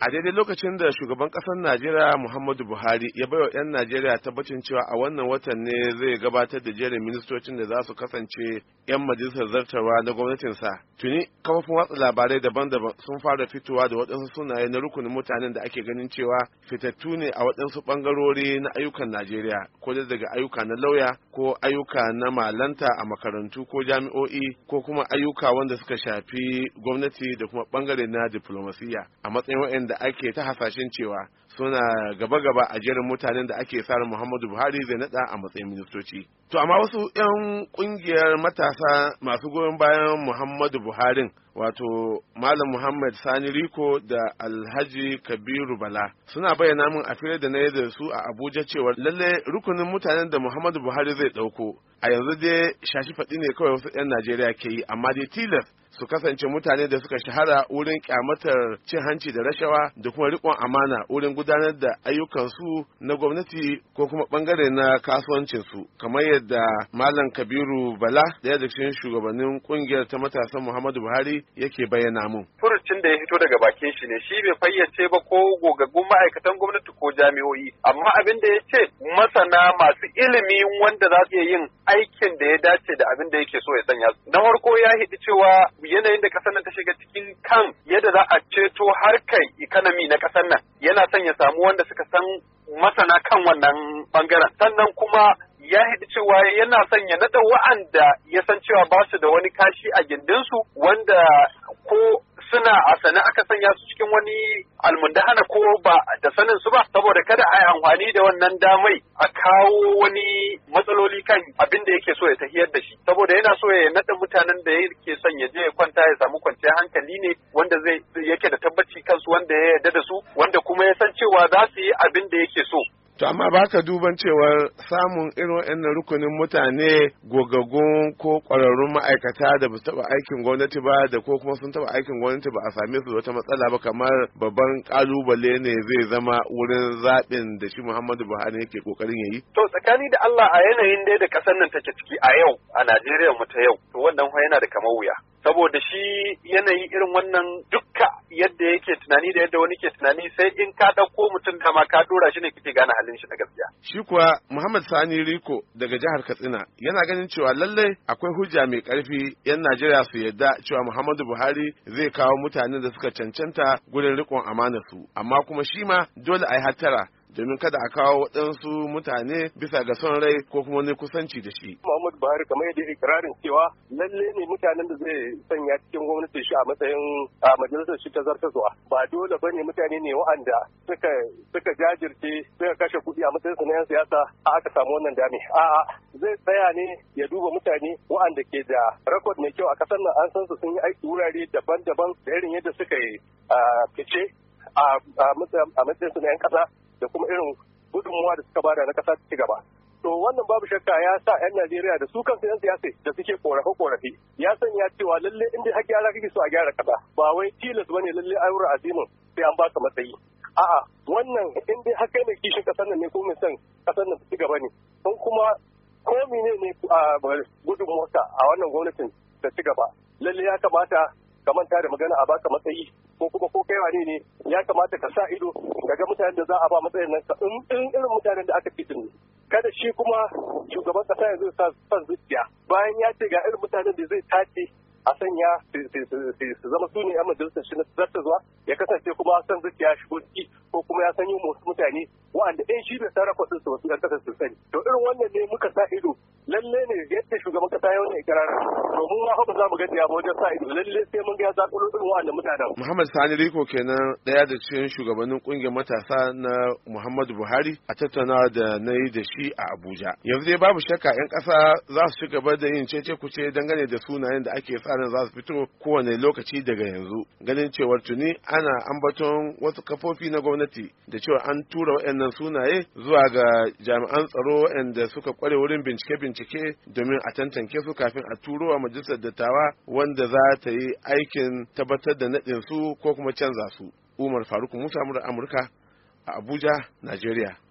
a daidai lokacin da shugaban kasar najeriya muhammadu buhari ya baiwa 'yan najeriya tabbacin cewa a wannan watan ne zai gabatar da jerin ministocin da za su kasance 'yan majalisar zartarwa na gwamnatinsa tuni kafafin watsa labarai daban-daban sun fara fitowa da waɗansu sunaye na rukunin mutanen da ake ganin cewa fitattu ne a waɗansu ɓangarori na ayyukan najeriya ko daga ayyuka na lauya ko ayyuka na malanta a makarantu ko jami'o'i ko kuma ayyuka wanda suka shafi gwamnati da kuma ɓangare na diplomasiya a matsayin Da ake ta hasashen cewa suna gaba-gaba a jerin mutanen da ake sa Muhammadu Buhari zai nada a matsayin ministoci. To amma wasu 'yan kungiyar matasa masu goyon bayan Muhammadu Buhari wato Malam Muhammad Sani Riko da Alhaji Kabiru Bala suna bayyana min a fili da na yi da su a Abuja cewa lalle rukunin mutanen da Muhammadu Buhari zai ɗauko a yanzu dai shashi faɗi ne kawai wasu 'yan Najeriya ke yi amma dai tilas su kasance mutane da suka shahara wurin kyamatar cin hanci da rashawa da kuma riƙon amana wurin gudanar da ayyukansu na gwamnati ko kuma bangare na kasuwancinsu kamar yadda malam kabiru bala da ya cikin shugabannin ƙungiyar ta matasan muhammadu buhari yake bayyana mun furucin da ya fito daga bakin shi ne shi bai fayyace ba ko gogaggun ma'aikatan gwamnati ko jami'o'i amma abin da ya ce masana masu ilimi wanda za su iya yin aikin da ya dace da abin da yake so ya sanya na farko ya hidi cewa yanayin da kasar nan ta shiga cikin kan yadda za a ceto harkar economy na kasar nan yana son ya samu wanda suka san masana kan wannan bangaren sannan kuma ya hidi cewa yana son ya nada wa'anda ya san cewa ba su da wani kashi a gindinsu wanda ko suna a sane aka sanya su cikin wani almundahana ko ba da sanin su ba saboda kada a yi amfani da wannan damai a kawo wani matsaloli kan abin da yake so ya tahiyar da shi saboda yana so ya naɗa mutanen da yake son ya je ya kwanta ya samu kwanciyar hankali ne wanda zai yake da tabbaci kansu wanda ya yarda da su wanda kuma ya san cewa za su yi abin da yake so To amma ba ka duban cewar samun irin waɗannan rukunin mutane gogaggun ko ƙwararrun ma'aikata da ba taɓa aikin gwamnati ba da ko kuma sun taɓa aikin gwamnati ba a same su wata matsala ba kamar babban ƙalubale ne zai zama wurin zaɓin da shi Muhammadu Buhari yake ƙoƙarin ya yi. To tsakani da Allah a yanayin dai da ƙasar nan take ciki a yau a Najeriya mu ta yau to wannan fa yana da kamar wuya. saboda shi yanayi irin wannan dukka yadda yake tunani da yadda wani ke tunani sai in ka ɗauko mutum ma ka dora shi ne kike gane halin shi na gaskiya. Shi kuwa Muhammad Sani Riko daga jihar Katsina yana ganin cewa lallai akwai hujja mai ƙarfi 'yan Najeriya su yadda cewa Muhammadu Buhari zai kawo mutanen da suka cancanta gurin riƙon amanar su amma kuma shi ma dole a yi hattara domin kada a kawo waɗansu mutane bisa ga son rai ko kuma ne kusanci da shi. Muhammad Buhari kamar yadda ya ikirarin cewa lalle ne mutanen da zai sanya cikin gwamnatin shi a matsayin a majalisar shi ta zuwa, ba dole ba ne mutane ne wa'anda suka suka jajirce suka kashe kuɗi a matsayin na siyasa a aka samu wannan dami. A'a zai tsaya ne ya duba mutane wa'anda ke da rakod mai kyau a kasar nan an san su sun yi aiki wurare daban-daban da irin yadda suka yi fice a matsayin su 'yan ƙasa da kuma irin gudunmuwa da suka bada na kasa ta ci gaba. To wannan babu shakka ya sa 'yan Najeriya da su kansu 'yan siyasa da suke korafe-korafe ya sanya cewa lalle in dai haƙƙi gyara kake so a gyara kaɗa. ba wai tilas bane lalle ayyura azimin sai an baka matsayi. A'a wannan in dai haƙƙi kai mai kishin ƙasar nan ne ko mai son kasar nan ci gaba ne. Don kuma ko mene ne a a wannan gwamnatin da ci gaba. Lalle ya kamata ka manta da magana a baka matsayi ko kuma ko kai wane ne ya kamata ka sa ido ga mutanen da za a ba matsayin nan ka in irin mutanen da aka fitin kada shi kuma shugaban kasa yanzu sa san zuciya bayan ya ce ga irin mutanen da zai tace a sanya su zama su ne 'yan majalisar shi na zuwa ya kasance kuma san zuciya shigo ciki ko kuma ya sanyo masu mutane wa'anda ɗan shi bai sarrafa su su wasu ɗan kasar su sani to irin wannan ne muka sa ido lalle ne yadda shugaban kasa ya wannan ikirarin to mu ma ba za mu gajiya wajen sa ido lalle sai mun ga ya zaƙulo irin wa'anda mutanen. Muhammad Sani Riko kenan ɗaya da cikin shugabannin ƙungiyar matasa na Muhammadu Buhari a tattaunawa da na yi da shi a Abuja. Yanzu dai babu shakka 'yan ƙasa za su ci gaba da yin cece kuce dangane da sunayen da ake sa labarin za su fito kowane lokaci daga yanzu ganin cewar tuni ana ambaton wasu kafofi na gwamnati da cewa an tura waɗannan sunaye zuwa ga jami'an tsaro waɗanda suka kware wurin bincike-bincike domin a tantance su kafin a turo wa majalisar dattawa wanda za ta yi aikin tabbatar da naɗin su ko kuma canza su umar faruk musa amurka a abuja najeriya